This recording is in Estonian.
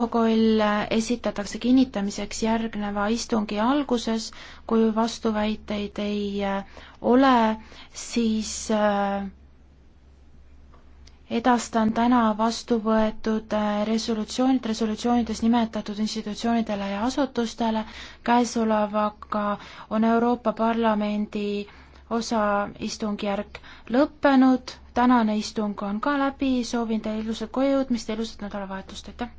protokoll esitatakse kinnitamiseks järgneva istungi alguses, kui vastuväiteid ei äh, ole, siis äh, edastan täna vastu võetud äh, resolutsioonid, resolutsioonides nimetatud institutsioonidele ja asutustele, käesolevaga on Euroopa Parlamendi osa istungjärk lõppenud, tänane istung on ka läbi, soovin teile ilusat kojujõudmist ja ilusat nädalavahetust, aitäh!